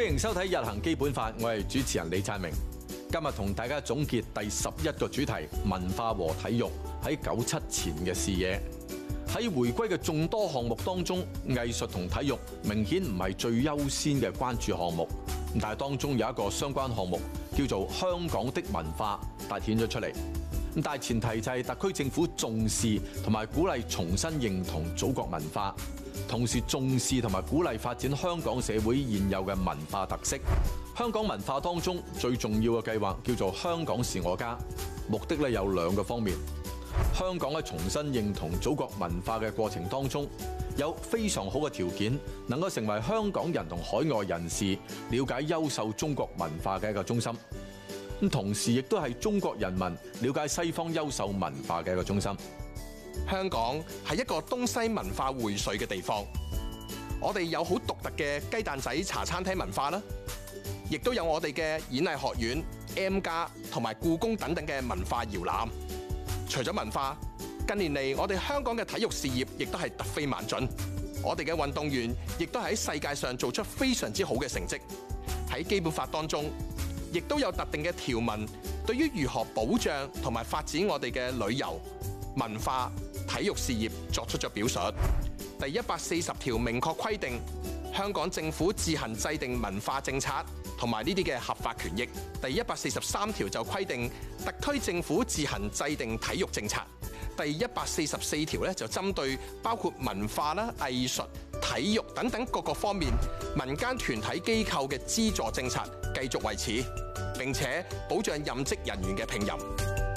歡迎收睇《日行基本法》，我係主持人李燦明。今日同大家總結第十一個主題：文化和體育喺九七前嘅視野。喺回歸嘅眾多項目當中，藝術同體育明顯唔係最優先嘅關注項目。但係當中有一個相關項目叫做香港的文化，凸顯咗出嚟。咁大前提就係特區政府重視同埋鼓勵重新認同祖國文化，同時重視同埋鼓勵發展香港社會現有嘅文化特色。香港文化當中最重要嘅計劃叫做《香港是我家》，目的咧有兩個方面：香港喺重新認同祖國文化嘅過程當中有非常好嘅條件，能夠成為香港人同海外人士了解優秀中國文化嘅一個中心。同時亦都係中國人民了解西方優秀文化嘅一個中心。香港係一個東西文化薈萃嘅地方，我哋有好獨特嘅雞蛋仔茶餐廳文化啦，亦都有我哋嘅演藝學院、M+ 同埋故宮等等嘅文化搖籃。除咗文化，近年嚟我哋香港嘅體育事業亦都係突飛猛進，我哋嘅運動員亦都喺世界上做出非常之好嘅成績。喺基本法當中，亦都有特定嘅條文，對於如何保障同埋發展我哋嘅旅遊、文化、體育事業作出咗表述。第一百四十條，明確規定香港政府自行制定文化政策同埋呢啲嘅合法權益。第一百四十三條，就規定特區政府自行制定體育政策。第一百四十四條呢，就針對包括文化啦、藝術。體育等等各個方面，民間團體機構嘅資助政策繼續維持，並且保障任職人員嘅聘任。